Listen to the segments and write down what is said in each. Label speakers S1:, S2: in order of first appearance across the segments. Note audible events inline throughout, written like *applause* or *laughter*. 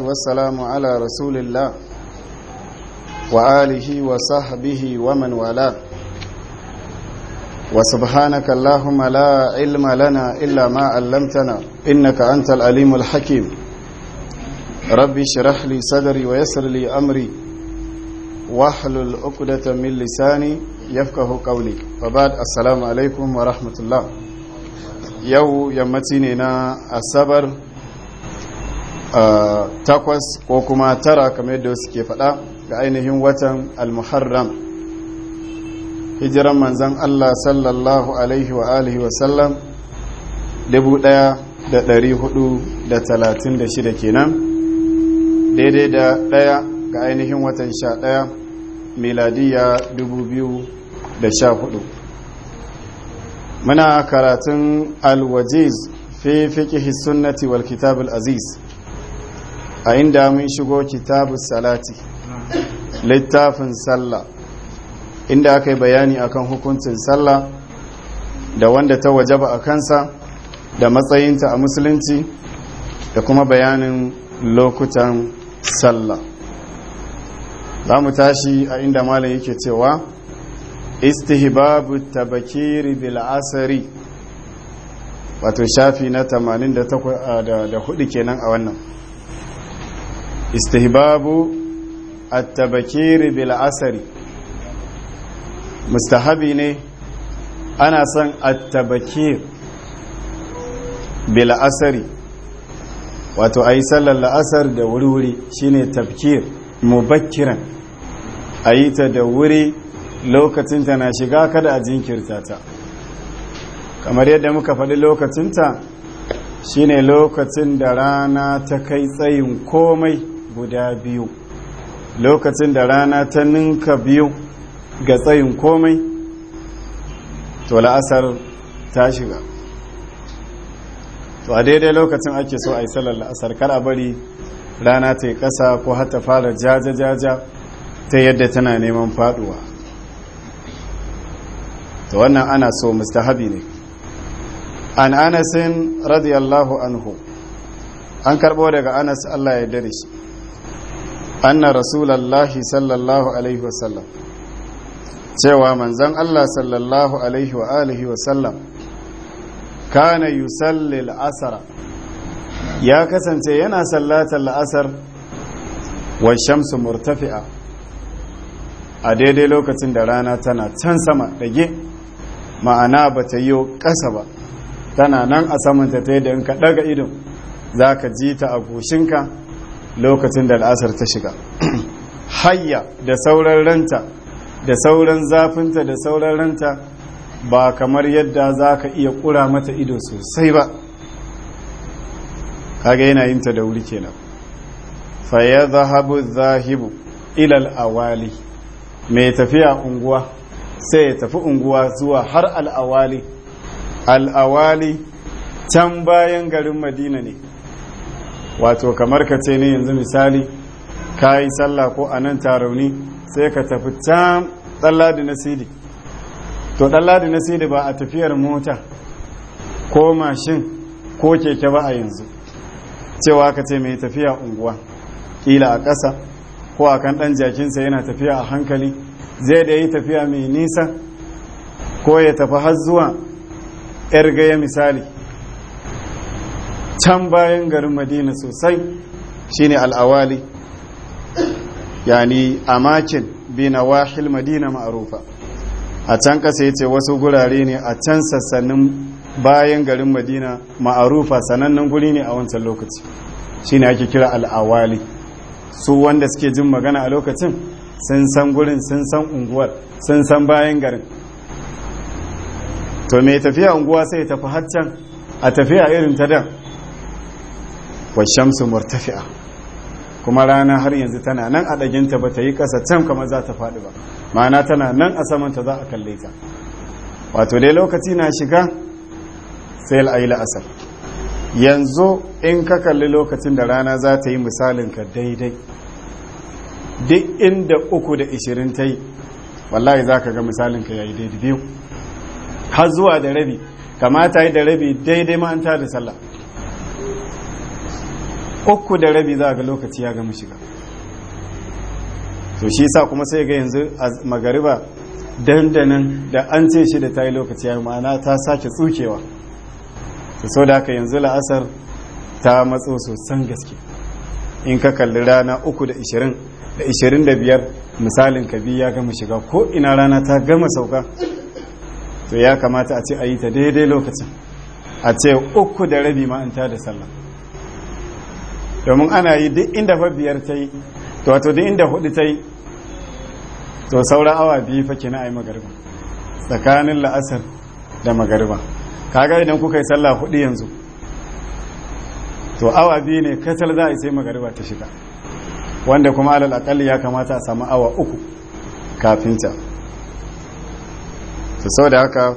S1: wassalamu ala rasulillah wa alihi wa sahbihi wa wala wa subhanaka allahumma la ilma lana illa ma 'allamtana innaka antal alimul hakim rabbi shrah li sadri wa yassir li amri wahlul 'uqdatam min lisani yafqahu qawli wa ba'd assalamu alaykum wa rahmatullah yau yammati ne na asabar as takwas ko kuma tara kamar yadda wasu ke faɗa ga ainihin watan al-muharram hijiran manzan Allah sallallahu alaihi wa alihi wa sallam 1436 kenan daidai da ɗaya ga ainihin watan sha ɗaya miladiya 2014 muna karatun alwajiz fi fiƙi sunnati wal kitabul aziz a inda mun shigo kitabu salati littafin sallah inda aka yi bayani akan hukuncin sallah da wanda ta wajaba a kansa da matsayinta a musulunci da kuma bayanin lokutan sallah za mu tashi a inda malam yake cewa istihbabu tabakiri bil asari wato shafi na 84 kenan a wannan istihbabu at-tabakiri bil asari mustahabi ne ana son at-tabakir bil asari wato ayi sallar la'asar da wuri-wuri shine tabkir mubakkiran ayi ta da wuri lokacin ta na shiga kada a jinkirta ta kamar yadda muka faɗi lokacinta shine lokacin da rana ta kai tsayin komai guda biyu lokacin da rana ta ninka biyu ga tsayin komai to la'asar ta shiga to a daidai lokacin ake so a yi salar la'asar kar a bari rana ta yi ƙasa ko hata fara jaja-jaja ta yadda tana neman faduwa to wannan ana so Habi ne an anasin radiyallahu anhu an karbo daga anas allah ya dare shi anna rasulallahi sallallahu alaihi wasallam cewa manzan Allah sallallahu alaihi wa alihi wasallam kana yusallil asara ya kasance yana sallatar la'asar wa shamsu murtafi'a a daidai lokacin da rana tana can sama dage ma'ana ba ta yi ƙasa ba tana nan a samanta ta yadda in ka ɗaga idon za ka ji ta a goshinka lokacin da al'asar ta shiga hayya da sauran ranta da sauran zafinta da sauran ranta ba kamar yadda za ka iya ƙura mata ido sosai ba kaga yana yin ta da wuri kenan fa zahabu zahibu ilal awali mai tafiya unguwa sai ya tafi unguwa zuwa har al'awali al'awali can bayan garin madina ne wato kamar ka ce ne yanzu misali ka yi sallah ko a nan tarauni sai ka tafi can ɗalladi na sidi to ɗalladi na sidi ba a tafiyar mota ko mashin ko keke ba a yanzu cewa ka ce mai tafiya unguwa ƙila a ƙasa ko a kan ɗan jakinsa yana tafiya a hankali zai da yi tafiya mai nisa ko ya tafi har zuwa 'yar gaya misali can bayan garin madina sosai shine al'awali yani amakin bina wahil madina ma'arufa a can kasa ce wasu gurare ne a can sassanin bayan garin madina ma'arufa sanannen guri ne a wancan lokaci shine ake kira al'awali su wanda suke jin magana a lokacin sun san gurin sun san unguwar sun san bayan garin to mai tafiya unguwa sai tafi haccan a tafiya irin ta da. wa shamsu murtafi'a kuma rana har yanzu tana nan a daginta ba ta yi ƙasa can kamar za ta faɗi ba ma'ana tana nan a samanta za a kalle ta wato dai lokaci na shiga sai al'ayi la'asar yanzu in ka kalli lokacin da rana za ta yi misalinka daidai duk inda uku da ishirin ta yi wallahi za ka ga misalinka ya yi daidai biyu har zuwa da rabi kamata yi da rabi daidai ma'anta da sallah uku da rabi za ga lokaci ya gama shiga to shi sa kuma sai ga yanzu a magariba dandanan da an ce shi da ta yi lokaci ya ma'ana ta sake tsukewa so da haka yanzu la'asar ta matso sosan gaske in ka kalli rana uku da ishirin da ishirin da biyar misalin kabi ya gama shiga ko ina rana ta gama sauka to ya kamata a ce a yi ta daidai lokacin a ce uku da rabi ma'anta da sallah domin ana yi duk inda fa biyar ta yi to wato duk inda hudu ta yi to sauran awa biyu fa kina ayi magariba tsakanin la'asar da magariba kaga idan kuka yi sallah hudu yanzu to awa biyu ne kacal za a yi sai magariba ta shiga wanda kuma alal akalli ya kamata a samu awa uku kafin ta to sau da haka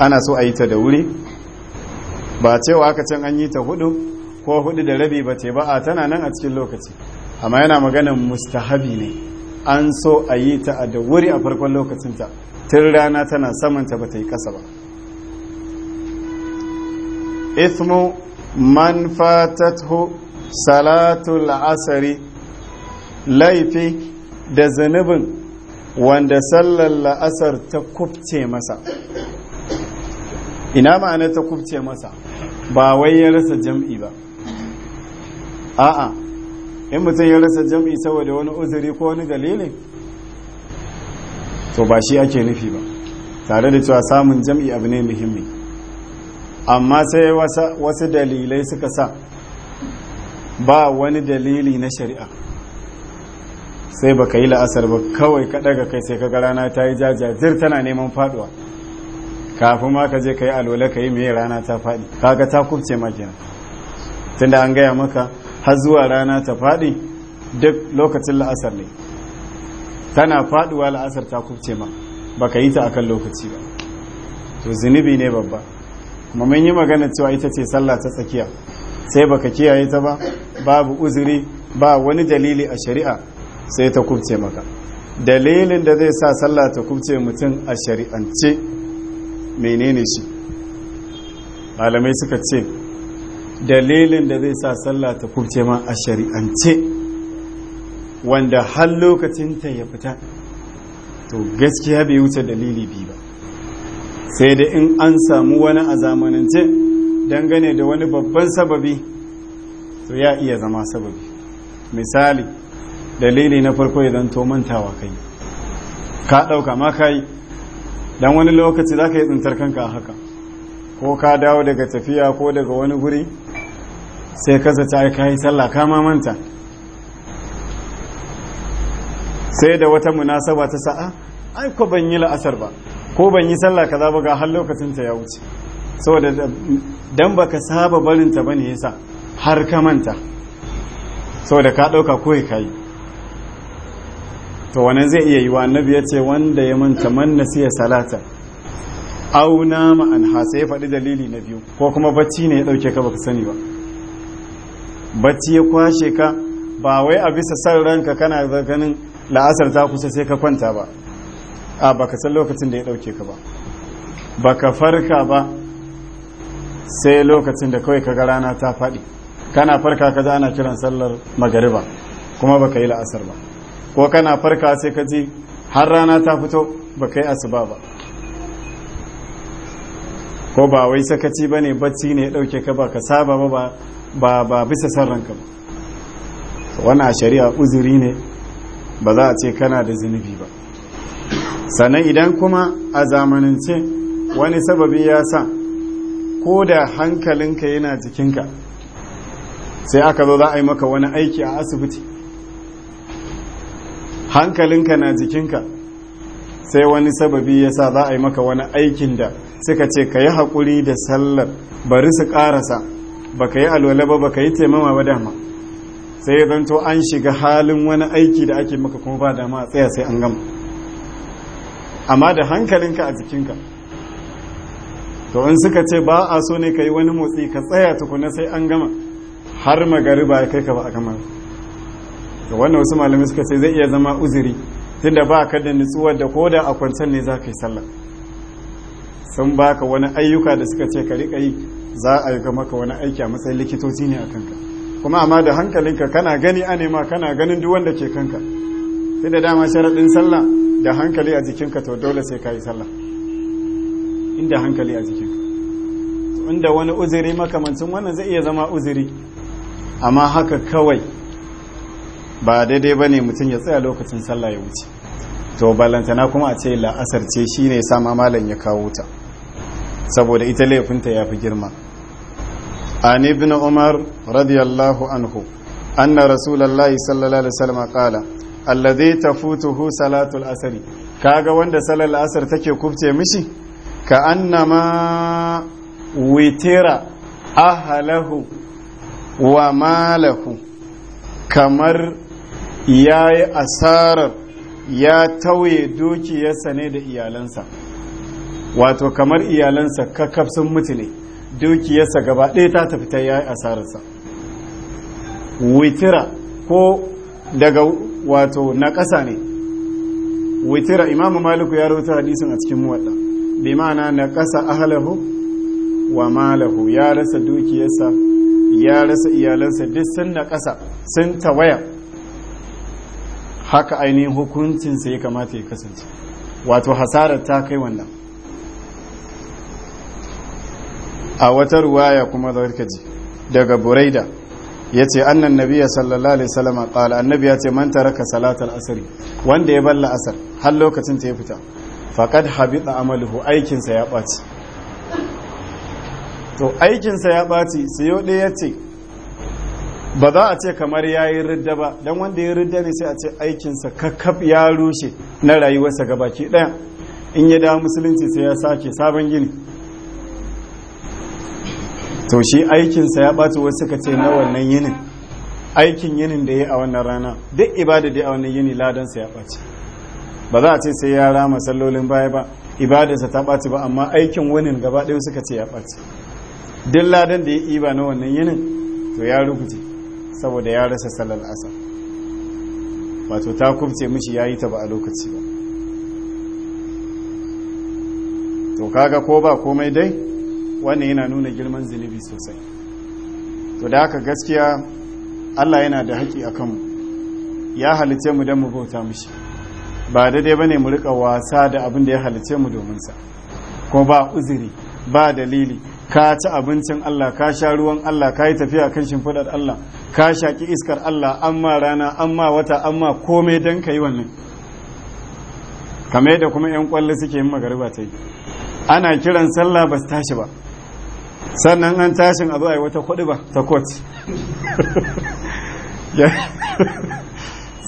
S1: ana so a yi ta da wuri ba cewa aka can an yi ta hudu ko hudu da rabi ba te ba a tana nan a cikin lokaci amma yana maganan mustahabi ne an so a yi ta a da wuri a farkon lokacinta tun rana tana samanta ba ta yi ƙasa ba ismu man fatathu salatu la'asari laifi da zanubin wanda sallar la'asar ta kubce masa ina ma'ana ta kubce masa ba wai ya rasa jam'i ba a'a in mutum ya rasa jam'i saboda wani uzuri ko wani dalilin to ba shi ake nufi ba tare da cewa samun jam'i abu ne muhimmi amma sai wasu dalilai suka sa ba wani dalili na shari'a sai baka yi la'asar ba kawai ka daga kai sai ka ga rana ta yi jajajir tana neman faduwa kafin ma ka je ka yi alwala ka yi mai rana ta faɗi kaga ta kubce ma kenan tunda an gaya maka har zuwa rana ta faɗi duk lokacin la'asar ne tana faɗuwa la'asar ta kubce ma baka yi ta akan lokaci ba to zunubi ne babba kuma mun yi magana cewa ita ce sallah ta tsakiya sai baka kiyaye ta ba babu uzuri ba wani dalili a shari'a sai ta kubce maka dalilin da zai sa sallah ta kubce mutum a shari'ance menene shi malamai suka ce dalilin da zai sa sallah ta kubce ma a shari'ance wanda har lokacinta ya fita to gaskiya bai wuce dalili biyu ba sai da in an samu wani a zamanance dangane da wani babban sababi to ya iya zama sababi misali dalili na farko idan to mantawa kai ka ɗauka ma kai dan wani lokaci za ka yi tsintar kanka haka ko ka dawo daga tafiya ko daga wani guri sai ka zata ka yi sallah ka manta sai da wata munasaba ta sa'a ah, ai ko ban yi la'asar ba ko ban yi sallah kaza ba ga har lokacin ta ya wuce saboda dan baka saba barin ta bane yasa har ka manta saboda ka dauka ko kai to wannan zai iya yi yiwa annabi yace wanda ya manta man nasiya salata auna ma an ha faɗi dalili na biyu ko kuma bacci ne ya ɗauke ka baka sani ba bacci ya kwashe ka ba wai a bisa san ranka kana ganin la'asar ta kusa sai ka kwanta ba a baka san lokacin da ya dauke ka ba baka farka ba sai lokacin da kawai kaga rana ta faɗi kana farka ka ji ana kiran sallar magariba kuma baka yi la'asar ba ko kana farka sai ka ji har rana ta fito baka yi asuba ba ko ba wai sakaci bane bacci ne ya dauke ka ba ka saba ba ba ba bisa san ranka ba wannan a shari'a uzuri ne ba za a ce kana da zunubi ba sannan idan kuma a zamanance wani sababi ya sa ko da hankalinka yana jikinka sai aka zo za a yi maka wani aiki a asibiti hankalinka na jikinka sai wani sababi ya sa za a yi maka wani aikin da suka ce ka yi haƙuri da sallar bari su ƙarasa baka yi alwala ba baka yi taimama ba dama sai ya zanto an shiga halin wani aiki da ake maka kuma ba dama a tsaya sai an gama amma da hankalinka a jikinka to in suka ce ba a so ne ka yi wani motsi ka tsaya tukuna sai an gama har magari ba kai ka ba a gama to wannan wasu malamai suka ce zai iya zama uzuri tunda ba ka da nutsuwar da koda a kwancan ne za ka yi sallah sun baka wani ayyuka da suka ce ka riƙa yi za a yi maka wani aiki a matsayin likitoci ne a kanka kuma amma da hankalinka kana gani a nema kana ganin duk wanda ke kanka sai da dama sharaɗin sallah da hankali a jikinka to dole sai ka yi sallah inda hankali a jikinka inda wani uzuri makamancin wannan zai iya zama uzuri amma haka kawai ba daidai ba ne mutum ya tsaya lokacin sallah ya wuce to ballantana kuma a ce la'asar ce shine sama malam ya kawo ta saboda ita laifinta ya fi girma an ibn umar radiyallahu anhu anna rasulullahi sallallahu alaihi wasallam qala alladhi tafutuhu salatul asri kaga wanda salal asr take kubce mishi ka annama witira ahalahu wa malahu kamar yayi asarar ya tauye dukiyarsa ne da iyalansa wato kamar iyalansa kakaf sun mutu ne dukiyarsa gaba ɗaya ta tafi ta yi asararsa witira ko daga wato na ƙasa ne witira imamu maliku ya rawaita hadisin a cikin muwadda bi ma'ana na ƙasa ahalahu wa malahu ya rasa dukiyarsa ya rasa iyalansa duk sun na ƙasa sun tawaya haka ainihin hukuncinsa ya kamata ya kasance wato hasarar ta kai wannan a wata ruwaya kuma zarkaji daga buraida ya ce annan nabiya sallallahu alaihi wasallam qala annabi ya ce man taraka salatal asari wanda ya balla asar har lokacin ta ya fita faqad habita amaluhu aikinsa ya ɓaci to aikinsa ya ɓaci sayo ɗaya ya ce ba za a ce kamar ya yi ridda ba don wanda ya ridda ne sai a ce aikinsa kakkaf ya rushe na rayuwarsa gabaki ɗaya in ya da musulunci sai ya sake sabon gini to shi aikinsa ya ɓata wasu suka ce na wannan yinin aikin yinin da ya a wannan rana duk ibada da ya a wannan yini ladansa ya ɓaci ba za a ce sai ya rama sallolin baya ba ibadarsa ta ɓaci ba amma aikin winin gaba ɗaya suka ce ya ɓaci duk ladan da ya iba na wannan yinin to ya rubuce saboda ya rasa sallar asar. wato ta kubce mishi ya yi ta ba a lokaci ba to kaga ko ba komai dai wannan yana nuna girman zunubi sosai to da haka gaskiya Allah yana da haƙi a kanmu ya halice mu don mu bauta mishi ba daidai ba ne mu riƙa wasa da abin da ya halice mu dominsa kuma ba uziri ba dalili ka ci abincin Allah ka sha ruwan Allah ka yi tafiya kan shimfiɗar Allah ka shaƙi iskar Allah amma rana amma wata amma komai don ka yi wannan kame da kuma 'yan kwallo suke yin magariba ta yi ana kiran sallah ba su tashi ba sannan an tashin a zuwa wata kudu ba ta kot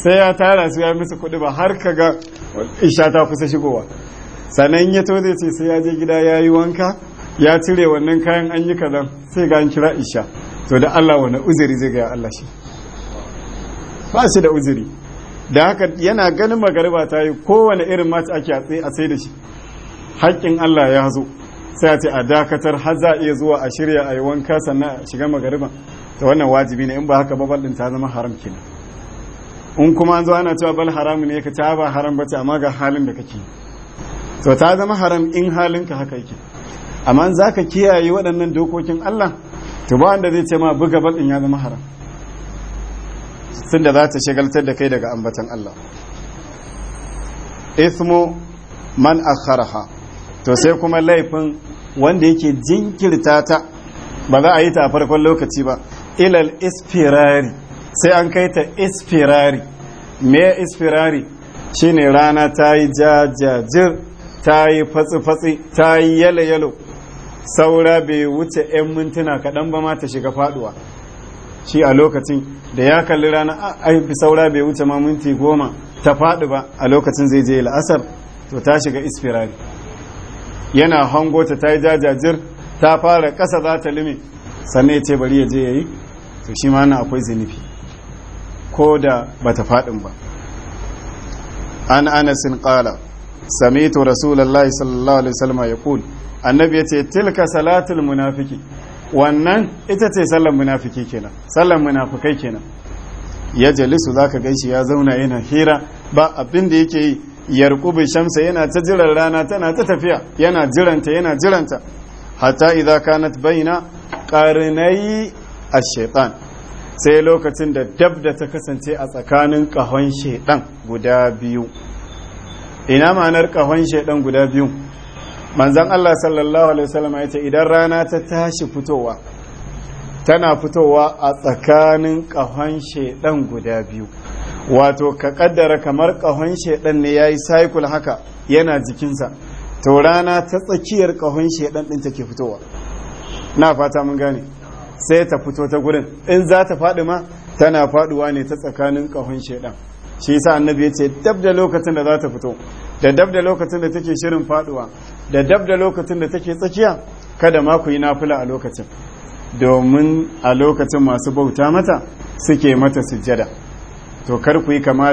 S1: sai ya tara su ya misa kudu ba har ka ga isha ta kusa shigowa sannan ya to ce sai ya je gida ya yi wanka ya cire wannan kayan an yi kadan sai ga kira isha to da Allah wani uzuri zai gaya Allah shi ba shi da uziri. da haka yana ganin magariba ta yi kowane irin mat ake a a tsaye da shi haƙƙin Allah ya zo sai a ce a dakatar har za a iya zuwa a shirya a yi wanka sannan a shiga magariban ta wannan wajibi ne in ba haka babal din ta zama haram kina in kuma an zo ana cewa bal haram ne ka ta ba haram ce amma ga halin da kake to ta zama haram in halinka haka yake amma in ka kiyaye waɗannan dokokin Allah to ba wanda zai ce ma buga bal din ya zama haram tunda za ta shagaltar da kai daga ambatan Allah ismu man akharaha to sai kuma laifin wanda yake jinkirta ta ba za a yi ta a farkon lokaci ba ilal ispirari sai an kai ta ispirari me ispirari shine rana ta yi jajajir ta yi fatsi-fatsi ta yi yalo-yalo saura bai wuce 'yan mintuna kaɗan ba ma ta shiga faduwa shi a lokacin da ya kalli rana ai saura bai wuce ma minti goma ta faɗi ba a lokacin zai je la'asar to ta shiga ispirari yana hango ta ta yi jajajir ta fara ƙasa za ta limi sannan ya ce bari ya je ya yi to shi ma na akwai zinifi ko da ba ta faɗin ba an anasin ƙala samitu rasulallah sallallahu alaihi salama ya kul annabi ya ce tilka salatul munafiki wannan ita ce sallan munafiki kenan sallan munafikai kenan ya jalisu zaka gaishi ya zauna yana hira ba abin da yake yi yarqubu shamsa yana ta jiran rana tana ta tafiya yana jiranta yana jiranta hatta idza kanat baina qarnai ash-shaytan sai lokacin da dabda ta kasance a tsakanin kahon shaytan guda biyu ina ma'anar kahon shaytan guda biyu manzon Allah sallallahu alaihi wasallam yace idan rana ta tashi fitowa tana fitowa a tsakanin kahon shaytan guda biyu wato ka kaddara kamar kahon shedan ne yayi cycle haka yana jikinsa to rana ta tsakiyar kahon shedan din take fitowa na fata mun gane sai ta fito ta gurin in za ta faɗi ma tana faɗuwa ne ta tsakanin kahon shedan shi yasa annabi ya ce dab da lokacin da za ta fito da dab da lokacin da take shirin faduwa da dab da lokacin da take tsakiya kada ma ku yi nafila a lokacin domin a lokacin masu bauta mata suke mata sujjada to kar ku yi kama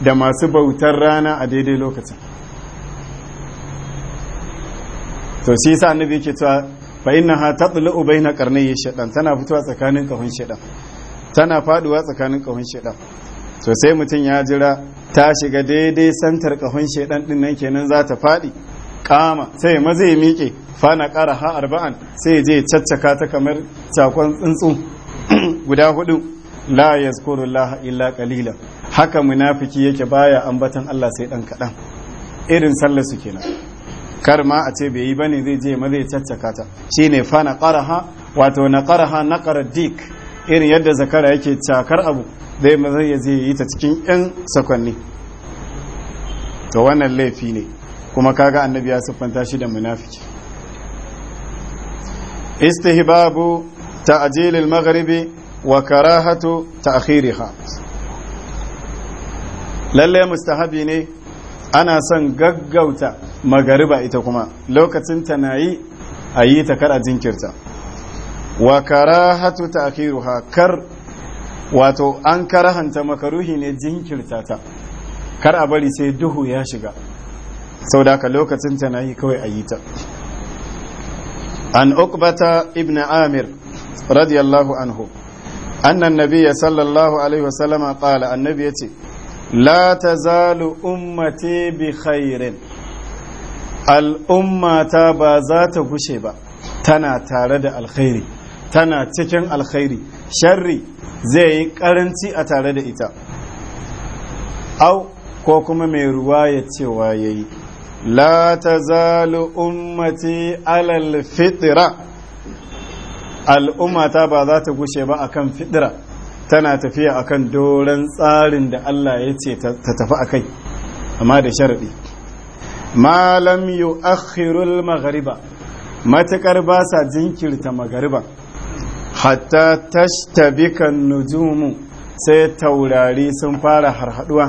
S1: da masu bautar rana a daidai lokacin to shi sa annabi yake cewa fa innaha tatlu'u baina qarnayyi shaytan tana fitowa tsakanin kahun shaytan tana faduwa tsakanin kahun shaytan to sai mutum ya jira ta shiga daidai santar kahun shaidan din nan kenan za ta faɗi kama sai ya maza ya miƙe fana ƙara ha arba'an sai ya je caccaka ta kamar cakon tsuntsu *clears throat* guda hudu la yazkurullaha illa qalila haka munafiki yake baya ambatan Allah sai dan kaɗan irin sallar su kenan kar ma a ce bai yi bane zai je ma zai caccaka ta shine fa na qaraha wato na qaraha na dik irin yadda zakara yake cakar abu zai ma zai je yi ta cikin yan sakwanni to wannan laifi ne kuma kaga annabi ya siffanta shi da munafiki istihbabu ta'jilil maghribi wa karahatu ta'khiriha lalle mustahabi ne ana son gaggauta magariba ita kuma lokacin ta yi a yi ta kar a jinkirta wa karahatu ta'khiruha kar wato an karahanta makaruhi ne jinkirta ta kar a bari sai duhu ya shiga sau da ka lokacin ta yi kawai a yi ta an uqbata ibn amir radiyallahu anhu annan nabiya sallallahu alaihi wasallama qala annabi yace la tazalu ummati bi al'ummata ba za ta gushe ba tana tare da alkhairi tana cikin alkhairi sharri zai yi karanci a tare da ita au ko kuma mai ruwa ya cewa yayi la tazalu ummati alal fitra al'ummata ba za ta gushe ba akan fidira tana tafiya akan doron tsarin da Allah ya ce ta tafi a kai. amma da sharaɗi malam yu akhirul maghariba matakar ba sa jinkirta magariba hatta tashtabikan nujumu sai taurari sun fara harhaduwa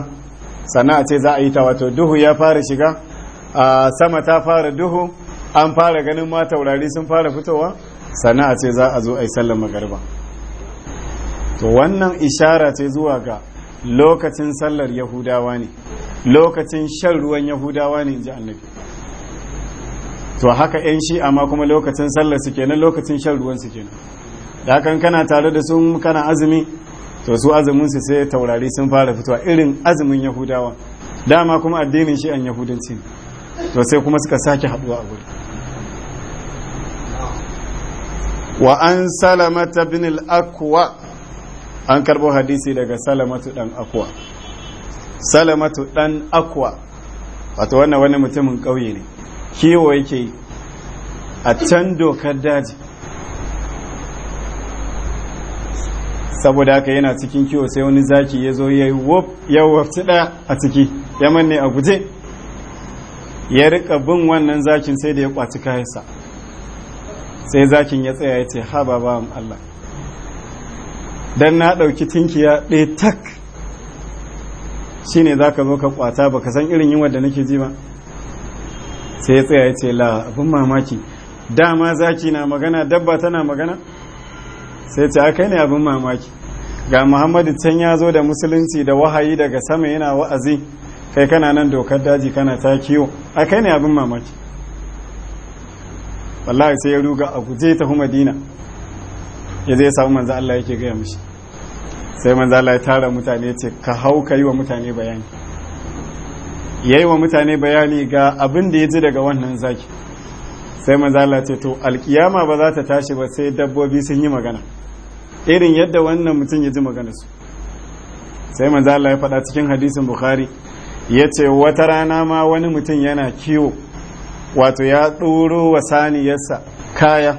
S1: sana'a ce za a yi ta wato duhu ya fara shiga a sama ta fara duhu an fara ganin ma taurari sun fara fitowa sana'a ce za a zo a yi sallar magariba to wannan ishara ce zuwa ga lokacin sallar yahudawa ne lokacin shan ruwan yahudawa ne ji annabi to haka 'yan shi amma kuma lokacin sallar su kenan lokacin shan ruwan su kenan da hakan kana tare da sun kana azumi to su azumin su sai taurari sun fara fitowa irin azumin yahudawa dama kuma addinin shi an yahudanci to sai kuma suka sake haduwa a gudu wa an salamata bin al an karbo hadisi daga salamatu ɗan akwa salamatu ɗan akwa wato wannan wani mutumin ƙauye ne kiwo yake a can dokar daji saboda haka yana cikin kiwo sai wani zaki ya zo ya yi ɗaya a ciki ya manne a guje ya rika bin wannan zakin sai da ya kwaci kayansa sai zakin ya tsaya ya ce haba ba Allah dan na ɗauki tinkiya ɗaya tak shine zaka zo ka kwata baka san irin yunwa da nake ji ba sai ya tsaya ya ce la abin mamaki dama zaki na magana dabba tana magana sai ce aka ne abin mamaki ga muhammadu can ya zo da musulunci da wahayi daga sama yana wa'azi kai kana nan dokar daji kana ta kiwo aka ne abin mamaki wallahi sai ya ruga a guje hu madina ya zai samu manzo Allah yake gaya mishi sai manzo Allah ya tara mutane ce ka hau ka yi wa mutane bayani yayi wa mutane bayani ga abin da ya ji daga wannan zaki sai manzo Allah ce to alkiyama ba za ta tashi ba sai dabbobi sun yi magana irin yadda wannan mutum ya ji magana su sai manzo Allah ya faɗa cikin hadisin Bukhari ya ce wata rana ma wani mutum yana kiwo wato ya ɗoro wa saniyarsa kaya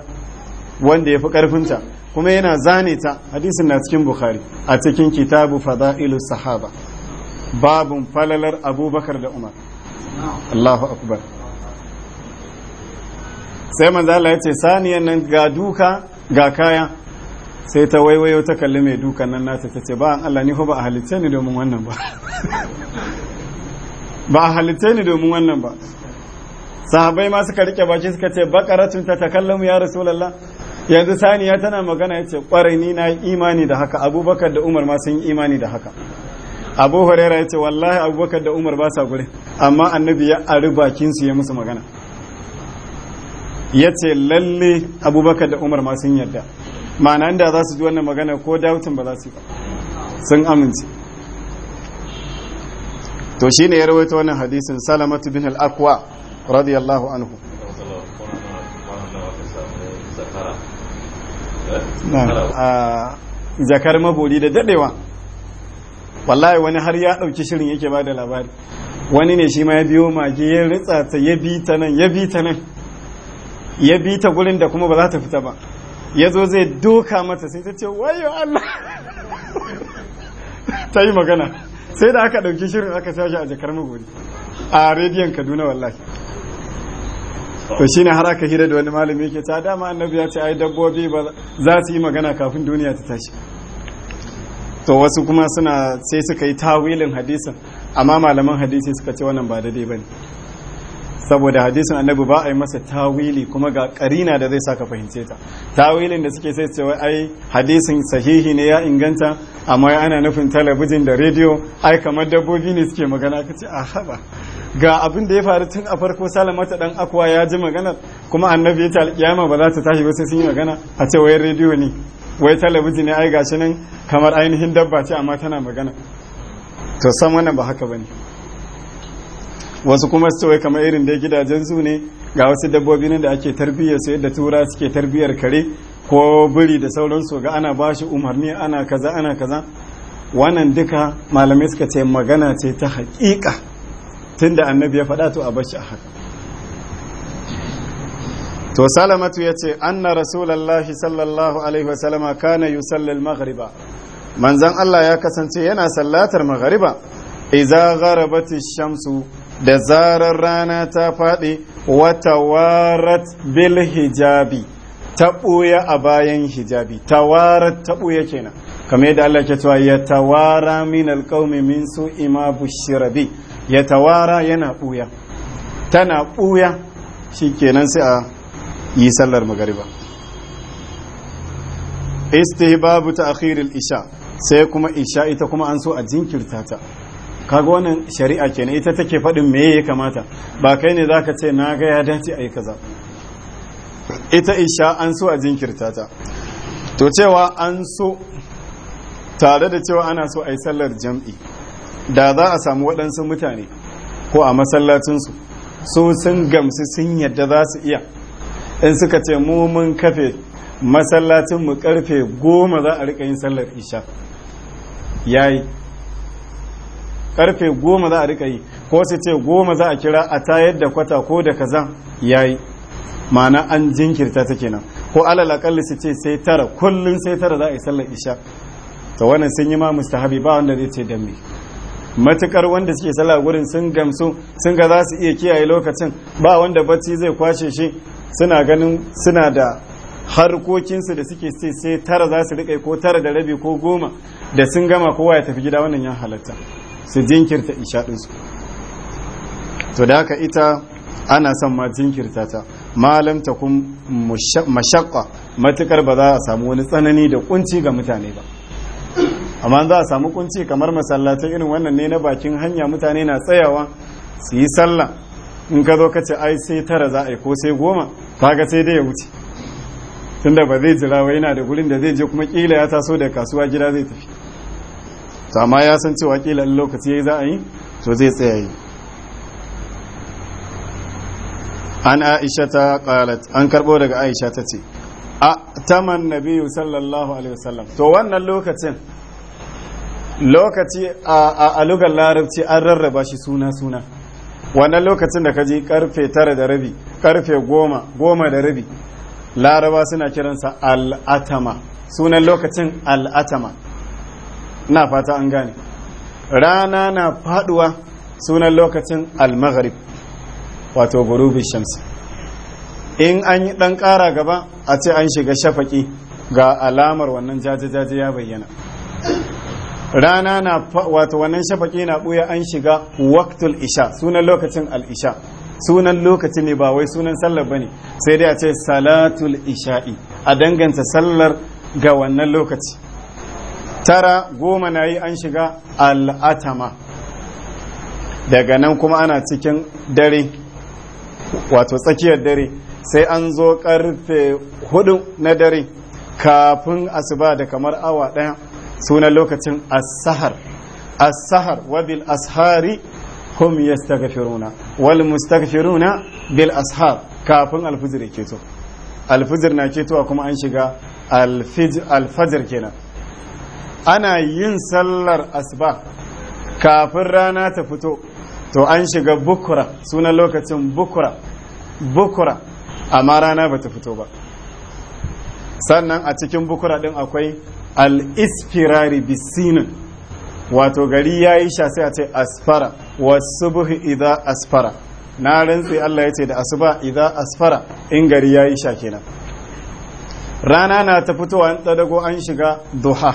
S1: wanda ya fi ƙarfinta kuma yana zane ta hadisin na cikin bukhari a cikin kitabu fada'ilu sahaba babun falalar abubakar da umar allahu akbar sai manzala ya ce saniyan nan ga duka ga kaya sai ta waiwayo ta kalli mai dukan nan nata ta ce ba an allah ni ba a halitta ni domin wannan ba *laughs* ba a halitta ni domin wannan ba sahabbai ma suka rike baki suka ce bakaratun ta takallamu ya rasulullah yanzu saniya tana magana yace kwarai ni na imani da haka abubakar da umar ma sun yi imani da haka abu huraira yace wallahi abubakar da umar ba sa gure amma annabi ya ari bakin su ya musu magana yace lalle abubakar da umar ma sun yarda ma'ana da za su ji wannan magana ko dautin ba za su yi ba sun amince to shine ya rawaito wannan hadisin salamatu bin al-aqwa radiyallahu anhu ah, zakar maboli da dadewa wallahi wani har ya dauki shirin yake ba da labari wani ne shi ma ya biyo mage ya ritsa ta ya bi ta nan ya bi ta nan ya bi ta gurin da kuma ba za ta fita ba ya zo zai doka mata sai ta ce wayo Allah *laughs* ta yi magana sai da aka ɗauki shirin aka sashi a jakar magori a rediyon kaduna wallahi to shine har aka hira da wani malami yake ta dama annabi ya ce ai dabbobi ba za su yi magana kafin duniya ta tashi to wasu kuma suna sai suka yi tawilin hadisin amma malaman hadisi suka ce wannan ba dai bane saboda hadisin annabi ba a yi masa tawili kuma ga karina da zai saka fahimce ta tawilin da suke sai ce wai ai hadisin sahihi ne ya inganta amma ana nufin talabijin da rediyo ai kamar dabbobi ne suke magana ka a haba ga abin da ya faru tun a farko salamata dan akwa ya ji magana kuma annabi ya ce alkiyama ba za ta tashi ba sai sun yi magana a ce wayar rediyo ne wai talabijin ne ai gashi nan kamar ainihin dabba ce amma tana magana to san wannan ba haka bane wasu kuma su wai kamar irin da gidajen su ne ga wasu dabbobi nan da ake tarbiyyar su yadda tura suke tarbiyyar kare ko biri da sauransu ga ana bashi umarni ana kaza ana kaza wannan duka malamai suka ce magana ce ta haƙiƙa tun da annabi ya faɗa to a bashi a haka to salamatu ya ce anna rasulallahi sallallahu alaihi wasallama kana yusallil maghriba manzan Allah ya kasance yana sallatar maghriba iza gharabati shamsu da zarar rana ta faɗi wata warat bil hijabi ta ɓuya a bayan hijabi warat ta ɓuya kenan kamar yadda Allah ke cewa ya tawara min alƙaumi min su ima bushirabi ya tawara yana ɓuya tana ɓuya shi kenan sai a yi sallar magariba babu ta akhiril isha sai kuma isha ita kuma an so a jinkirta ta kaga wannan shari'a kenan ita take faɗin me ya kamata ba kai ne zaka ce na ga ya dace a yi kaza ita isha an so a jinkirta ta to cewa an so tare da cewa ana so a yi sallar jam'i da za a samu waɗansu mutane ko a masallacinsu su sun gamsu sun yadda za su iya in suka ce mu mun kafe masallacinmu karfe goma za a riƙa yin sallar isha Ya yi karfe goma za a rika yi ko su ce goma za a kira a tayar da kwata ko da kaza yi ma'ana an jinkirta ta kenan ko alal akalli su ce sai tara kullum sai tara za a yi sallar isha to wannan sun yi ma mustahabi ba wanda zai ce dambe matukar wanda suke sallah gurin sun gamsu sun ga za su iya kiyaye lokacin ba wanda bacci zai kwashe shi suna ganin suna da harkokinsu da suke sai sai tara za su riƙe ko tara da rabi ko goma da sun gama kowa ya tafi gida wannan ya halatta su jinkirta isha to da haka ita ana son ma jinkirta ta malam ta kun mashakwa matukar ba za a samu wani tsanani da kunci ga mutane ba amma za a samu kunci kamar masallacin irin wannan ne na bakin hanya mutane na tsayawa su yi sallah in ka zo ka ce ai sai tara za a yi ko sai goma kaga sai dai ya wuce tunda ba zai jira wa yana da gurin da zai je kuma kila ya taso da kasuwa gida zai tafi amma ya san cewa kila in lokaci yi za a yi to zai tsaya yi an aisha ta kalat an karbo daga aisha ta ce a taman nabi sallallahu alaihi wasallam to wannan lokacin lokaci a lugar larabci an rarraba shi suna-suna wannan lokacin da kaji karfe tara da rabi karfe goma goma da rabi laraba suna kiransa al'atama sunan lokacin al'atama na fata an gane rana na faduwa sunan lokacin al-maghrib wato gurubin shamsi in an yi dan kara gaba a ce an shiga shafaki ga alamar wannan jaje-jaje ya bayyana rana na wato wannan shafaki na buya an shiga waktul isha sunan lokacin al-isha sunan lokaci ne ba wai sunan sallar bane sai dai a ce salatul isha'i a danganta sallar ga wannan lokaci tara goma na yi an shiga al'atama daga nan kuma ana cikin dare wato tsakiyar dare sai an zo karfe hudu na dare kafin asuba da kamar awa ɗaya. Suna lokacin as-sahar as-sahar wa bil ashari hum yastaghfiruna wal mustaghfiruna bil ashar kafin alfijir ke to alfijir na ke towa kuma an shiga alfajir kenan ana yin sallar asba kafin rana ta fito to an shiga bukura suna lokacin bukura bukura amma rana ba ta fito ba sannan a cikin bukura din akwai al-isfirari bisinin wato gari ya yi sha sai a ce asfara wasu buhi idan asfara na rantsi Allah ya ce da asuba idan asfara in gari ya yi sha kenan rana na ta fitowa an tsadago an shiga duha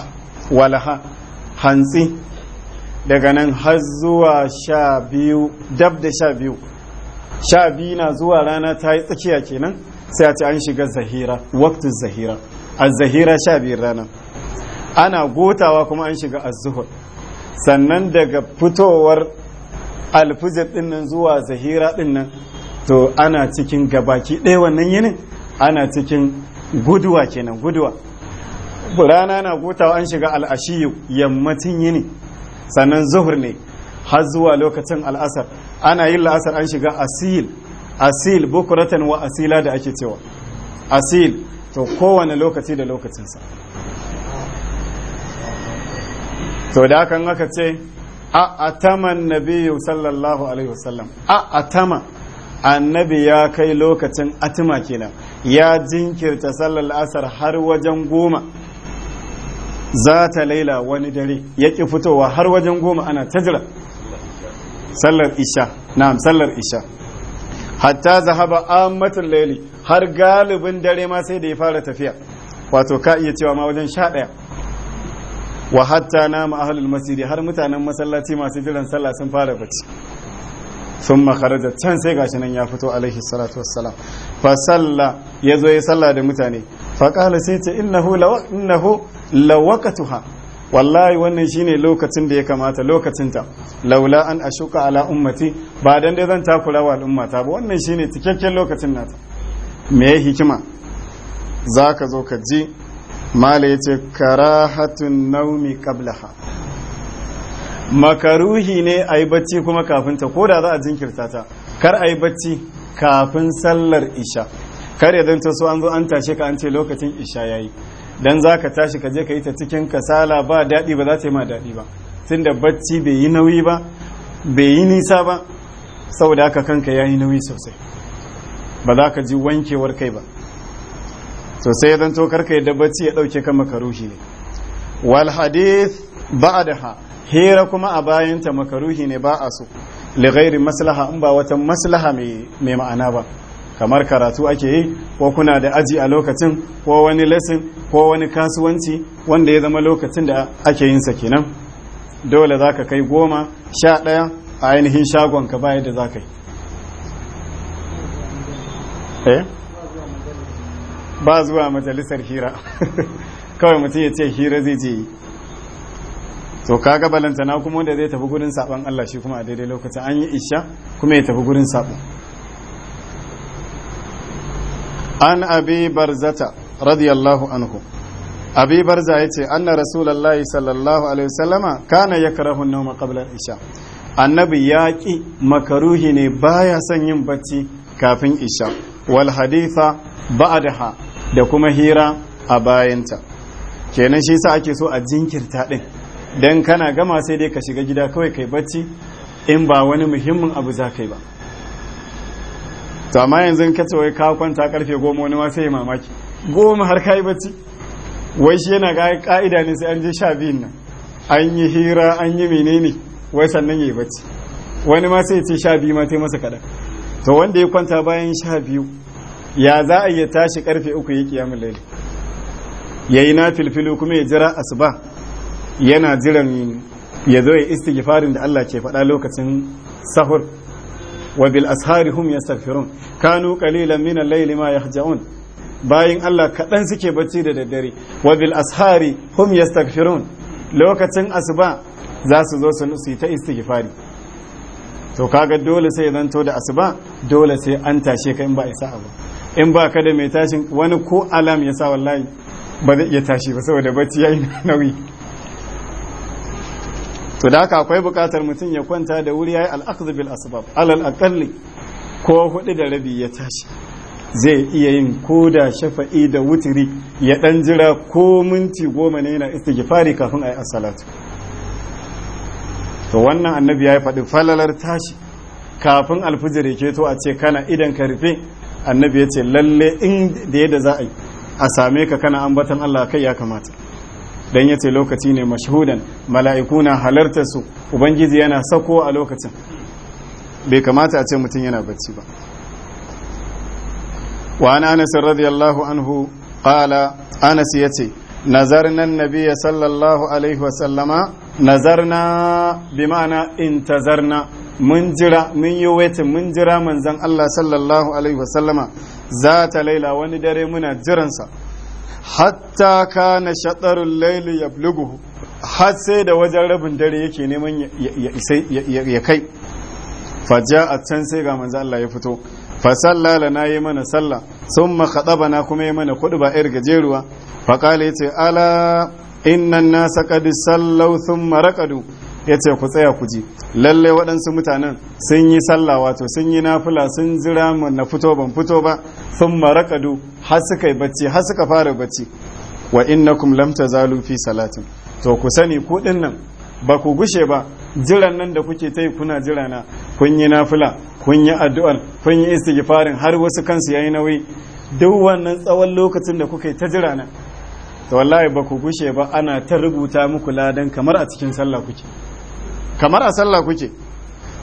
S1: walaha hantsi daga nan har zuwa sha biyu dab da sha biyu sha biyu na zuwa rana ta yi tsakiya kenan sai a ce an shiga zahira waktu zahira a zahira sha biyun rana ana gotawa kuma an shiga az-zuhur sannan daga fitowar alfijir din nan zuwa zahira din nan to ana cikin gabaki ɗaya wannan yinin ana cikin guduwa kenan guduwa rana na gotawa an shiga al'ashiyu yammacin yini sannan zuhur ne har zuwa lokacin al'asar ana yin la'asar an shiga asil asil bukuratan wa asila da ake cewa asil to kowane lokaci da lokacinsa to da kan aka ce a ataman nabiyu sallallahu alaihi wasallam a atama annabi ya kai lokacin atima kenan ya jinkirta sallar asar har wajen goma za ta laila wani dare ya ƙi fitowa har wajen goma ana ta jira sallar isha na sallar isha hatta zahaba ammatul laili har galibin dare ma sai da ya fara tafiya wato ka iya cewa ma wajen sha ɗaya wa hatta na ma'ahalul masjidi har mutanen masallaci masu jiran sallah sun fara bacci sun makaraja can sai gashi nan ya fito alaihi salatu wassalam fa salla ya zo ya salla da mutane fa kala sai ce innahu innahu lawaqatuha wallahi wannan shine lokacin da ya kamata lokacinta laula an ashuka ala ummati ba dan dai zan takura wa al'ummata ba wannan shine cikakken lokacin nata me hikima zaka zo ka ji mala ya ce karahatun naumi kablaha makaruhi ne a yi bacci kuma kafin ta koda za a jinkirta ta kar a yi bacci kafin sallar isha kar ya zanta so an zo an tashe ka an ce lokacin isha ya yi don za ka tashi ka je ka yi ta cikin kasala ba daɗi ba za ta yi ma daɗi ba tun da bacci bai yi nauyi ba bai yi nisa ba saboda haka kanka ya yi nauyi sosai ba za ka ji wankewar kai ba sosai sai ya zanto karka yadda bacci ya dauke kan makaruhi ne wal hadith ba'daha hira kuma a bayanta makaruhi ne ba a so li maslaha in ba wata maslaha mai ma'ana ba kamar karatu ake yi ko kuna da aji a lokacin ko wani lesson ko wani kasuwanci wanda ya zama lokacin da ake yin sa kenan dole zaka kai goma sha ɗaya a ainihin shagon ka ba yadda za ka yi eh? ba zuwa majalisar hira *laughs* kawai mutum ya ce hira zai je yi to kaga na kuma wanda zai tafi gurin sabon Allah shi kuma a daidai lokacin an yi isha kuma ya tafi gurin sabo an abi barzata radiyallahu anhu abi barza yace anna rasulullahi sallallahu alaihi wasallama kana yakrahu an-nawma qabla isha annabi yaki makaruhi ne baya son yin bacci kafin isha wal haditha ba'daha da kuma hira a bayanta kenan shi sa ake so a jinkirta din dan kana gama sai dai ka shiga gida kawai kai bacci in ba wani muhimmin abu za kai ba to amma yanzu ka ce wai ka kwanta karfe goma wani ma sai mamaki goma har ka yi bacci wai shi yana ka'ida ne sai an je sha biyun nan an yi hira an yi menene wai sannan ya yi bacci wani ma sai ce sha biyu ma ta masa kaɗan to wanda ya kwanta bayan sha biyu ya za a iya tashi karfe uku ya kiyamun laili ya yi na filfilu kuma ya jira asuba yana jiran ya zo ya istighfarin da Allah ke faɗa lokacin sahur wa bil ashari hum yastaghfirun kanu qalilan min al-layli ma yahja'un bayin Allah kaɗan suke bacci da daddare wa bil ashari hum yastaghfirun lokacin asuba za su zo su nusi ta istighfari to kaga dole sai zan to da asuba dole sai an tashe ka in ba isa ba in ba ka da mai tashin wani ko alam ya sa wallahi ba zai iya tashi ba saboda bacci yayi *laughs* nauyi to da haka akwai bukatar mutum ya kwanta da wuri yayi al-akhdh bil asbab alal aqalli ko hudu da rabi ya tashi zai iya yin koda shafa'i da wutiri ya dan jira ko minti goma ne yana istighfari kafin ayi as-salatu to wannan annabi ya yi faɗi falalar tashi kafin alfijir ke to a ce kana idan ka rufe annabi ya ce lalle in da yadda za a yi a same ka kana ambatan Allah kai ya kamata dan ya ce lokaci ne mashhudan mala'iku na halartar su ubangiji yana sako a lokacin bai kamata a ce mutum yana bacci ba wa ana anas radiyallahu anhu qala anas yace نظرنا النبي صلى الله عليه وسلم نظرنا بمعنى انتظرنا من جرا من يويت من جرا من زن الله صلى الله عليه وسلم ذات ليلة وندري من جرنسا حتى كان شطر الليل يبلغه har sai da wajen rabin dare yake neman ya kai fajja a can sai ga manzo Allah ya fito fasalla na yi mana sallah sun makaɗaba na kuma yi mana kuɗi ba yar gajeruwa faƙali ce ala innan nasa kadi sallau sun marakadu ya ku tsaya ku ji lalle waɗansu mutanen sun yi sallah wato sun yi nafula sun jira na fito ban fito ba sun marakadu har suka yi bacci har suka fara bacci wa innakum lam tazalu fi salatin to ku sani ku nan ba ku gushe ba jiran nan da kuke ta yi kuna jira na kun yi nafila kun yi addu'ar kun yi istighfarin har wasu kansu yayi nauyi duk wannan tsawon lokacin da kuke ta jira na to wallahi ba ku gushe ba ana ta rubuta muku ladan kamar a cikin sallah kuke kamar a sallah kuke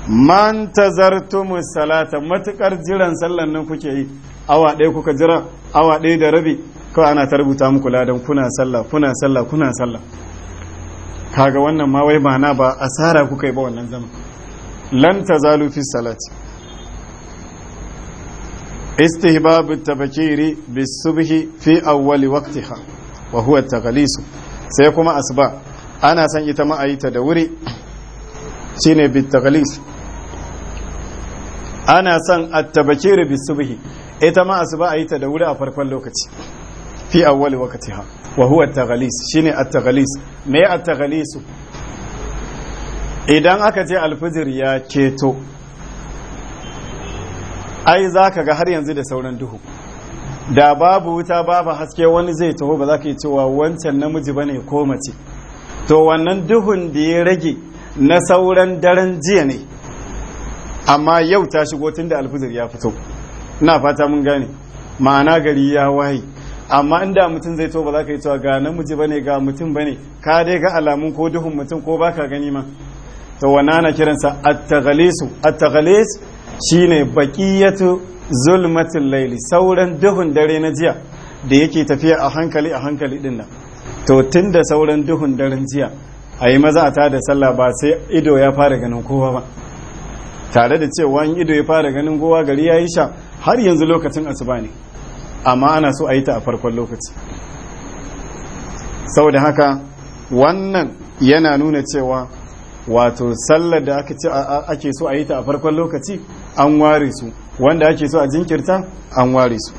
S1: man tazartumu salata matukar jiran sallan nan kuke yi awa ɗaya kuka jira awa ɗaya da rabi kawai ana ta rubuta muku ladan kuna sallah kuna sallah kuna sallah kaga wannan ma wai ma'ana ba asara kuka yi ba wannan zama lan tazalu fi salati istihbab at-tabkiri bis-subhi fi awwali waqtiha wa huwa taghlis sai kuma asuba ana san ita ma ayita da wuri shine bit taghlis ana san at-tabakir bis subhi ita ma asba ayita ta da wuri a farkon lokaci fi awwali waqtiha wa huwa at shine at me at-taghlis idan aka ce alfijir ya keto ai za ka ga har yanzu da sauran duhu da babu wuta babu haske wani zai taho ba za ka yi cewa wancan namiji bane ko mace to wannan duhun da ya rage na sauran daren jiya ne amma yau ta shigo tun da alfijir ya fito ina fata mun gane ma'ana gari ya waye amma inda mutum zai to ba za ka yi cewa ga namiji bane ga mutum bane ka dai ga alamun ko duhun mutum ko baka gani ma to wannan na kiransa at-taghalisu at-taghalis shine baqiyatu zulmatin laili sauran duhun dare na jiya da yake tafiya a hankali a hankali din nan to tun da sauran duhun daren jiya a yi maza ta da sallah ba sai ido ya fara ganin kowa ba tare da cewa in ido ya fara ganin kowa gari ya yi sha har yanzu lokacin asuba ne amma ana so a yi ta a farkon lokaci saboda haka wannan yana nuna cewa wato sallar da ake so a yi ta a farkon lokaci an ware su wanda ake so a jinkirta an ware su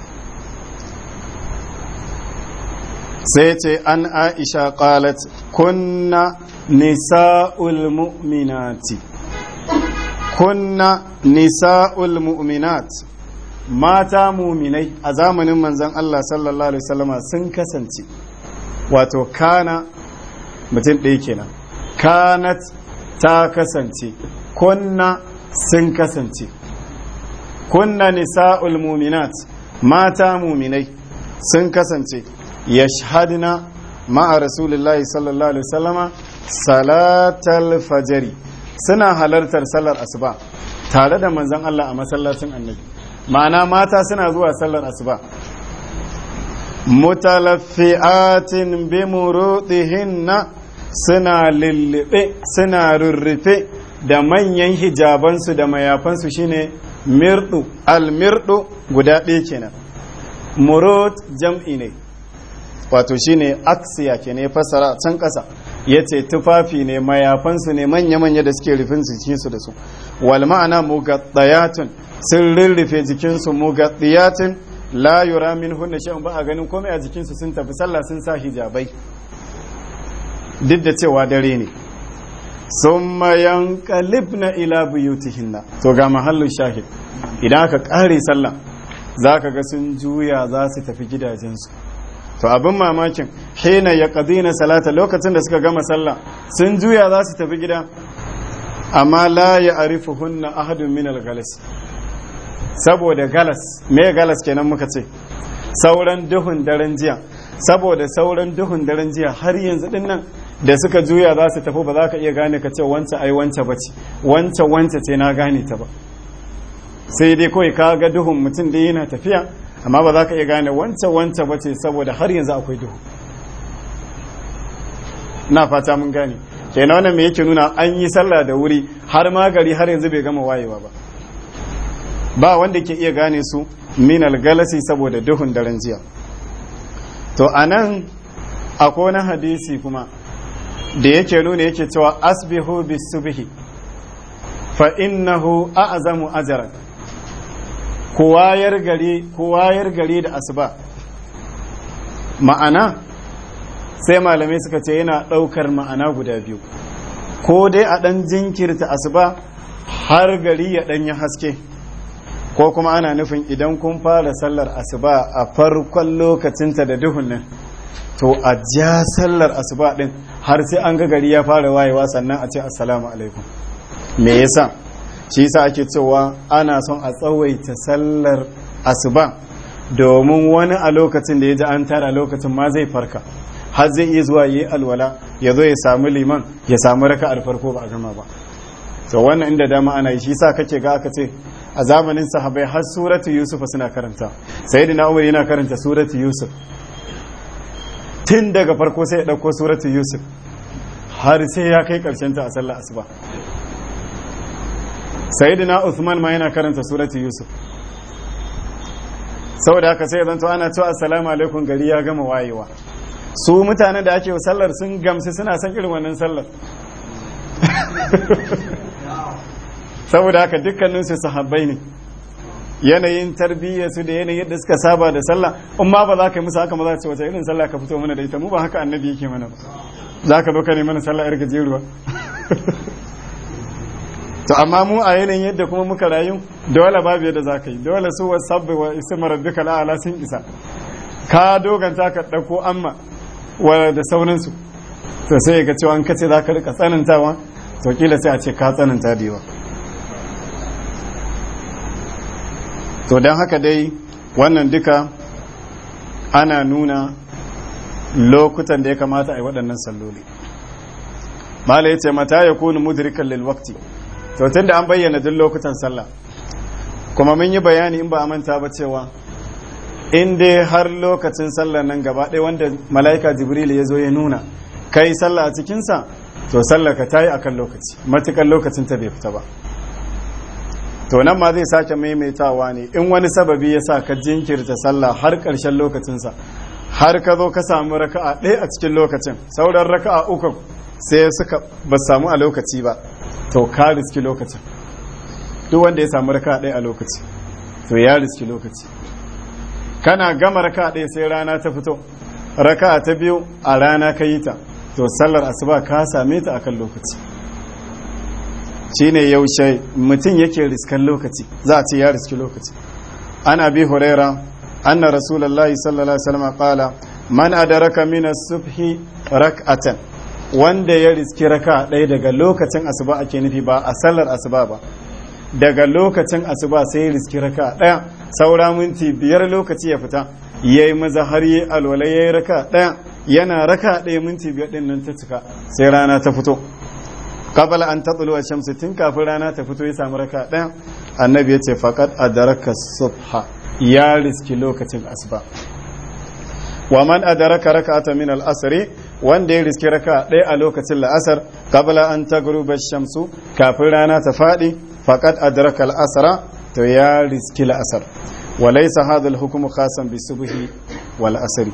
S1: sai ce an aisha qalat kunna nisa'ul mu'minati kunna nisa'ul mu'minat mata muminai a zamanin manzon Allah sallallahu alaihi wasallama sun kasance wato kana mutum ɗaya kenan kanat ta kasance kunna sun kasance kunna nisa'ul muminat mata muminai sun kasance yashhadna ma'a rasulullahi sallallahu alaihi wasallama salatal fajari suna halartar sallar asuba tare da manzon Allah a masallacin annabi ma'ana mata suna zuwa sallar asuba mutalaffi'atin bi murudihinna suna lillibe suna rurrufe da manyan hijabansu da mayafansu shine mirdu almirdu guda ɗaya kenan murut jam'i ne wato shine aksiya ke ne fasara can ƙasa ya ce tufafi ne mayafansu ne manya-manya da suke rufin jikinsu da su wal ma'ana mugaddayatun sun rirrufe jikinsu mugaddiyatin la yura min hunna shay'un ba a ganin komai a jikinsu sun tafi sallah sun sa hijabai duk da cewa dare ne Sun mayan summa yanqalibna ila buyutihinna to ga mahallu shahid idan aka kare sallah zaka ga sun juya za su tafi gidajensu to abin mamakin hina ya na salata lokacin da suka gama sallah sun juya za su tafi gida amma la ya arifu hunna ahadun min galas saboda galas me galas kenan muka ce sauran duhun daren jiya saboda sauran duhun daren jiya har yanzu din nan da suka juya za su tafi ba za ka iya gane ka ce wance ai wance ba ce wance wance ce na gane ta ba sai dai kawai ka ga duhun mutum da yana tafiya amma ba za ka iya gane wance wance ba ce saboda har yanzu akwai duhu na fata mun gane kenan wannan me yake nuna an yi sallah da wuri har ma gari har yanzu bai gama wayewa ba ba wanda ke iya gane su min algalasi saboda duhun daren jiya to anan akwai wani hadisi kuma da yake nuna yake cewa asbihu subhi fa innahu a'zamu ajran ku wayar gari ku wayar gari da asuba ma'ana sai malamai suka ce yana ɗaukar ma'ana guda biyu ko dai a ɗan jinkirta asuba har gari ya ɗan yi haske ko kuma ana nufin idan kun fara sallar asuba a farkon lokacinta da duhun nan to a ja sallar asuba ɗin har sai an ga gari ya fara wayewa sannan a ce assalamu alaikum me yasa shi yasa ake cewa ana son a tsawaita sallar asuba domin wani a lokacin da ya ji an tara lokacin ma zai farka har zai iya zuwa yi alwala ya zo ya samu liman ya samu raka alfarko ba a gama ba to wannan inda dama ana yi shi sa kake ga aka ce a zamanin sahabai har suratu yusuf suna karanta sayyidina umar yana karanta suratu yusuf tun daga farko sai ya ɗauko suratu yusuf har sai ya kai ƙarshen ta a sallar asuba sayyidina Uthman ma yana karanta suratu yusuf saboda haka sai zanto ana cewa assalamu alaikum gari ya gama wayewa su mutane da ake sallar sun gamsu suna son irin wannan sallar *laughs* saboda haka dukkaninsu sahabbai ne yanayin tarbiyyar su da yanayin yadda suka saba da sallah in ma ba za ka yi musu haka ma za ce wace irin sallah ka fito mana da ita mu ba haka annabi yake mana ba za ka zo ka mana sallah yar gajeruwa *laughs* to amma mu a yanayin yadda kuma muka rayu dole babu yadda za ka yi dole su wa sabbi wa isma duka la'ala sun isa ka doganta ka ɗauko amma wa da sauransu to sai ga cewa an kace za ka rika tsanantawa to kila sai a ce ka tsananta da yawa to don haka dai wannan duka ana nuna lokutan da ya kamata a yi waɗannan salloli mala ya ce mata ya kunu mudirikan lilwakti to tun da an bayyana duk lokutan sallah kuma mun yi bayani in ba a manta ba cewa in dai har lokacin sallah nan gaba ɗaya wanda mala'ika jibril ya zo ya nuna kai sallah a cikinsa to sallah ka a kan lokaci matukan lokacin ta bai fita ba to nan ma zai sake maimaitawa ne in wani sababi ya sa ka jinkirta sallah har ƙarshen lokacinsa har ka zo ka samu raka'a ɗaya a cikin lokacin sauran raka'a uku sai suka ba samu a lokaci ba to ka riski lokacin duk wanda ya samu raka'a ɗaya a lokaci to ya riski lokaci kana gama raka'a ɗaya sai rana ta fito raka'a ta biyu a rana ka yi ta to sallar asuba ka same ta akan lokaci Shi shine yaushe mutum yake riskan lokaci za a ce ya riski lokaci ana bi huraira anna rasulullahi sallallahu alaihi wasallam qala man adaraka min as-subhi rak'atan wanda ya riski raka ɗaya daga lokacin asuba ake nufi ba a sallar asuba ba daga lokacin asuba sai riski raka ɗaya saura minti biyar lokaci ya fita ya yi maza har yi alwala ya yi raka ɗaya yana raka ɗaya minti biyar ɗin nan ta cika sai rana ta fito Kabala an tatlu ash-shamsu tun kafin rana ta fito ya samu raka ɗaya annabi ya ce faqad adraka subha ya riski lokacin asuba wa man adraka rak'ata min al wanda ya riski raka ɗaya a lokacin la'asar qabala an tagruba shamsu kafin rana ta faɗi faqad adraka al-asra to ya riski la'asar wa laysa hadha al-hukmu bi subhi wal asri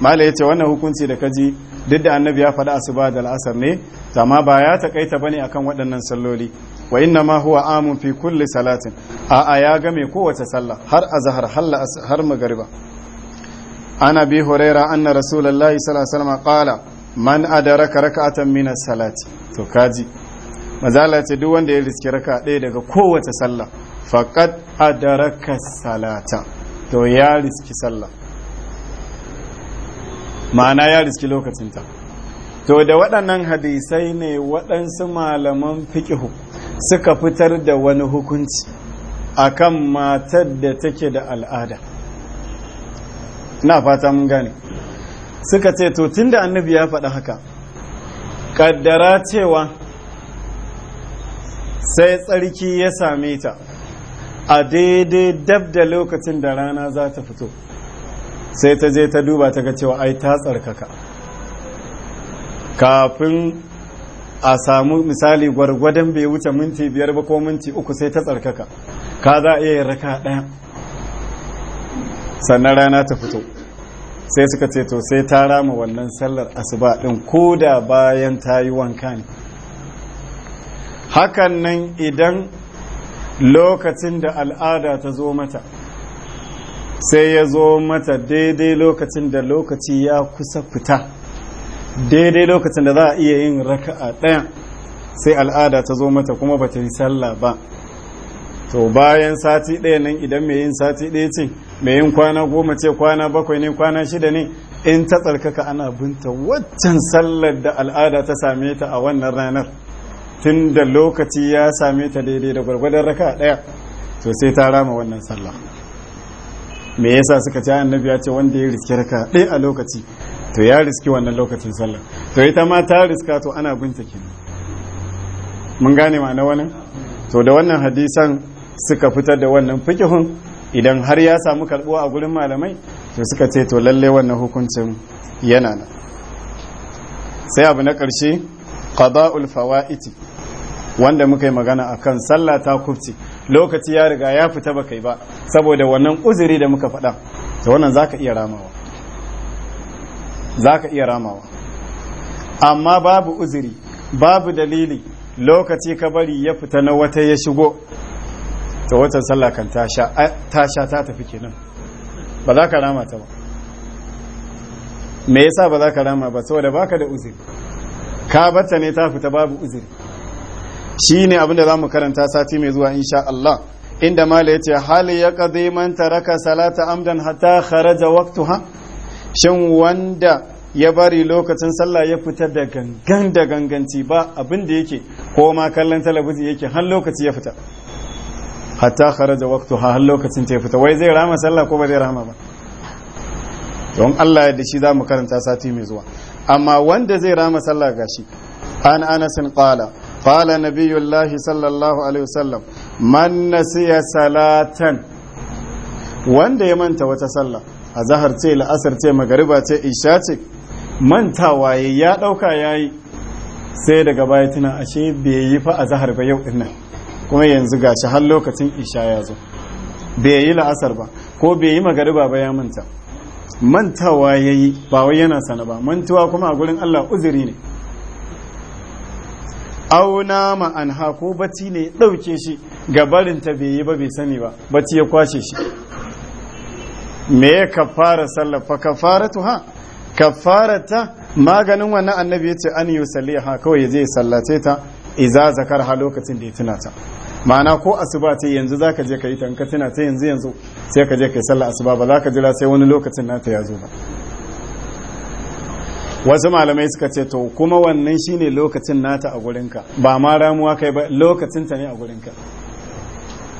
S1: mala yace wannan hukunci da kaji duk da annabi ya faɗi asuba da al'asar ne zama ba ya takaita bane akan waɗannan salloli wa inna ma huwa amun fi kulli salatin a a ya game kowace sallah har azhar har magariba ana bi huraira anna rasulullahi sallallahu alaihi wasallam qala man adaraka rak'atan min as-salati to kaji mazala ce duk wanda ya riski raka ɗaya daga kowace sallah faqad adaraka salata to ya riski sallah ma'ana ya riski lokacinta to da waɗannan hadisai ne waɗansu malaman fiƙihu suka fitar da wani hukunci kan matar da take da al'ada na fata mun gane suka ce to tunda annabi ya faɗa haka ƙaddara cewa sai tsarki ya same ta a daidai dab da lokacin da rana za ta fito sai ta je ta duba ta ga cewa ai ta tsarkaka kafin a samu misali gwargwadon bai wuce minti biyar ba ko minti uku sai ta tsarkaka ka za a iya raka ɗaya sannan rana ta fito sai suka ce to sai ta rama wannan sallar asuba ɗin ko da bayan ta yi wanka ne hakan nan idan lokacin da al'ada ta zo mata sai ya zo mata daidai lokacin da lokaci ya kusa fita daidai lokacin da za a iya yin raka'a ɗaya sai al'ada ta zo mata kuma ba ta yi sallah ba to bayan sati ɗaya nan idan mai yin sati ɗaya ce mai yin kwana goma ce kwana bakwai ne kwana shida ne in ta tsarkaka ana binta waccan sallar da al'ada ta same ta a wannan ranar tun da lokaci ya same ta daidai da gwargwadon raka ɗaya to sai ta rama wannan sallah me yasa suka ce annabi ya ce wanda ya riske raka ɗaya a lokaci to ya riski wannan lokacin sallah to ita ma ta riska to ana bincike mun gane ma na wannan to da wannan hadisan suka fitar da wannan fikihun idan har ya samu karbuwa a gurin malamai to suka ce to lalle wannan hukuncin yana nan sai abu na ƙarshe qada'ul fawaiti wanda muka yi magana akan sallah ta kufci lokaci ya riga ya fita ba kai ba saboda wannan uzuri da muka faɗa da wannan za ka iya ramawa za ka iya ramawa amma babu uzuri babu dalili lokaci ka bari ya fita na wata ya shigo ta watan sallah kan ta sha ta tafi kenan ba za ka rama ta ba me yasa ba za ka rama ba saboda baka da uzuri ka bata ne ta fita babu uzuri shi ne abin da za mu karanta sati mai zuwa insha Allah inda mala ya ce hali ya ƙazi man taraka salata amdan hatta kharaja ha? shin wanda ya bari lokacin sallah ya fita da gangan da ganganci ba abin da yake ko ma kallon talabijin yake har lokaci ya fita hatta kharaja ha har lokacin ta ya fita wai zai rama sallah ko ba zai rama ba don Allah ya da shi za mu karanta sati mai zuwa amma wanda zai rama sallah gashi an anasin qala قال نبي الله صلى الله عليه وسلم من نسي صلاة wanda ya manta wata sallah a zahar ce la'asar ce magariba ce isha ce mantawa ya dauka yayi sai daga baya tuna ashe bai yi fa a ba yau nan. kuma yanzu gashi har lokacin isha ya zo bai yi la'asar ba ko bai yi magariba ba ya manta mantawa yayi ba wai yana sana ba mantuwa kuma a gurin Allah uzuri ne auna an ko bacci ne ɗauke shi ga ta bai yi ba bai sani ba bacci ya kwashe shi me ya kafara sallafa kafaratu ha kafarata maganin wannan annabi ya ce an yi salli ha kawai ya je ya sallace ta iza zakar ha lokacin da ya tuna ta ma'ana ko asuba ce yanzu zaka je ka yi ta in ka tuna ta yanzu yanzu sai ka je ka yi sallah asuba ba za ka jira sai wani lokacin nata ya zo ba wasu malamai suka ce to kuma wannan shine lokacin nata a gurinka ba ma ramuwa kai ba lokacin ta ne a gurinka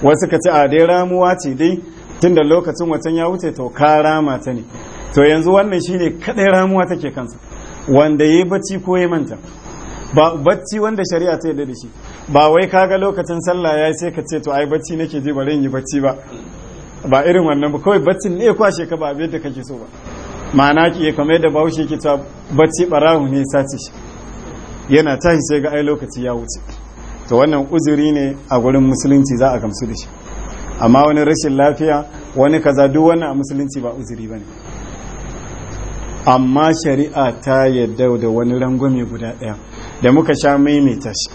S1: wasu ka ce a dai ramuwa ce dai tunda lokacin watan ya wuce to ka rama ta ne to yanzu wannan shine kadai ramuwa take kansa wanda yayi bacci ko ya manta ba bacci wanda shari'a ta yarda da shi ba wai kaga lokacin sallah yi sai ka ce to ai bacci nake ji bari in yi bacci ba ba irin wannan ba kawai baccin ne kwashe ka ba abin da kake so ba ma'ana ki ya kamar yadda bahaushe ke ta bacci barahu ne sace shi yana tashi sai ga ai lokaci ya wuce to wannan uzuri ne a gurin musulunci za a gamsu da shi amma wani rashin lafiya wani kaza duk wannan a musulunci ba uzuri bane amma shari'a ta yadda da wani rangwame guda ɗaya da muka sha maimaita shi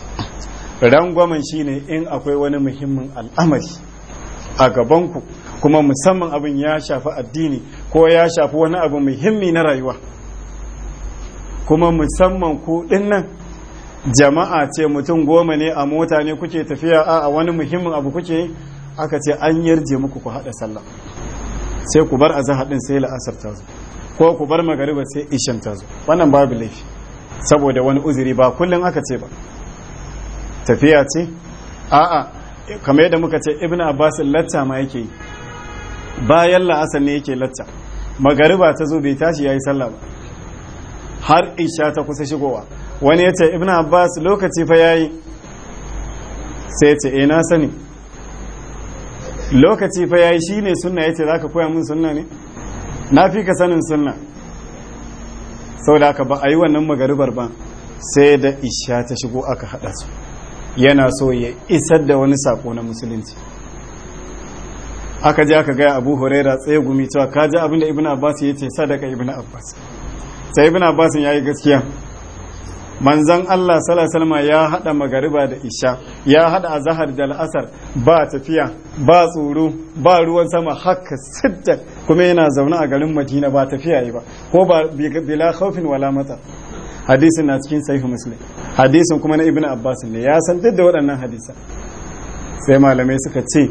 S1: rangwamen shine in akwai wani muhimmin al'amari a gabanku kuma musamman abin ya shafi addini ko ya shafi wani abu muhimmi na rayuwa kuma musamman ku nan jama'a ce mutum goma ne a mota ne kuke tafiya a wani muhimmin abu kuke aka ce an yarje muku ku haɗa sallah sai ku bar azahar ɗin sai la'asar ta zo ko ku bar magariba sai ishan ta zo wannan babu laifi saboda wani uzuri ba kullum aka ce ba tafiya ce a'a kamar yadda muka ce ibn abbas latta ma yake yi bayan la'asar ne yake latta magariba ta zo bai tashi ya yi sallah ba har isha ta kusa shigowa wani ya ce ibn abbas lokaci fa ya yi sai ce e sani lokaci fa ya yi shi ne sunna ya ce za ka koya min sunna ne na fi ka sanin sunna sau da aka ba a yi wannan magaribar ba sai da isha ta shigo aka haɗa su yana so ya isar da wani sako na musulunci aka je aka gaya abu huraira tsaye gumi cewa ka ji abinda ibn abbas ya ce sadaka ibn abbas sai ibn abbas ya yi gaskiya manzan allah salasalma ya hada magariba da isha ya hada azahar da La'asar ba tafiya ba tsoro ba ruwan sama haka sidda kuma yana zaune a garin madina ba tafiya yi ba ko ba bila khaufin wala mata hadisin na cikin sahihu muslim hadisin kuma na ibn abbas ne ya san duk da waɗannan hadisa sai malamai suka ce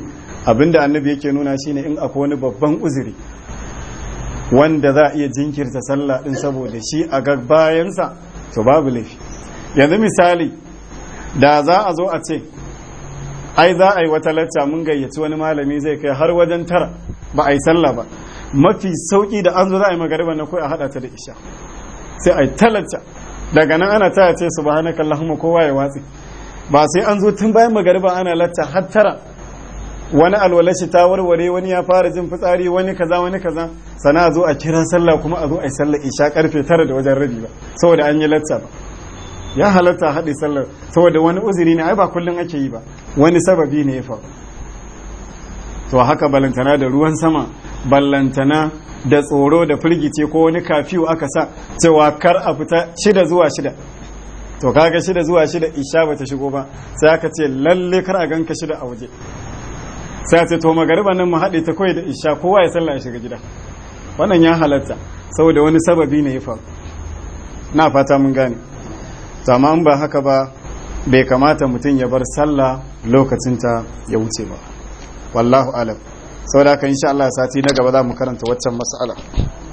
S1: abinda annabi yake nuna shine in akwai wani babban uzuri wanda za a iya jinkirta sallah din saboda shi a ga bayansa to babu laifi yanzu misali da za a zo a ce ai za a yi wata lacca mun gayyaci wani malami zai kai har wajen tara ba a yi sallah ba mafi sauki da an zo za a yi magariba na koya a haɗa ta da isha sai a yi talacca daga nan ana taya ce subhanakallahumma kowa ya watsi ba sai an zo tun bayan magariba ana lacca har tara wani alwalashi shi ta warware wani ya fara jin fitsari wani kaza wani kaza sana zo a kiran sallah kuma a zo a yi sallah isha karfe tara da wajen rabi ba saboda an yi latta ba ya halatta haɗe sallar saboda wani uzuri ne ai ba kullum ake yi ba wani sababi ne ya faru to haka balantana da ruwan sama ballantana da tsoro da firgice ko wani kafiyu aka sa cewa kar a fita shida zuwa shida to kaga shida zuwa shida isha ba ta shigo ba sai aka ce lalle kar a ganka shida a waje sai ce to magariba nan mu haɗe ta kawai da isha kowa ya sallah ya shiga gida wannan ya halatta saboda wani sababi ne ya faru na fata mun gane to amma in ba haka ba bai kamata mutum ya bar sallah lokacin ta ya wuce ba wallahu alam saboda haka insha Allah sati na gaba za mu karanta waccan mas'ala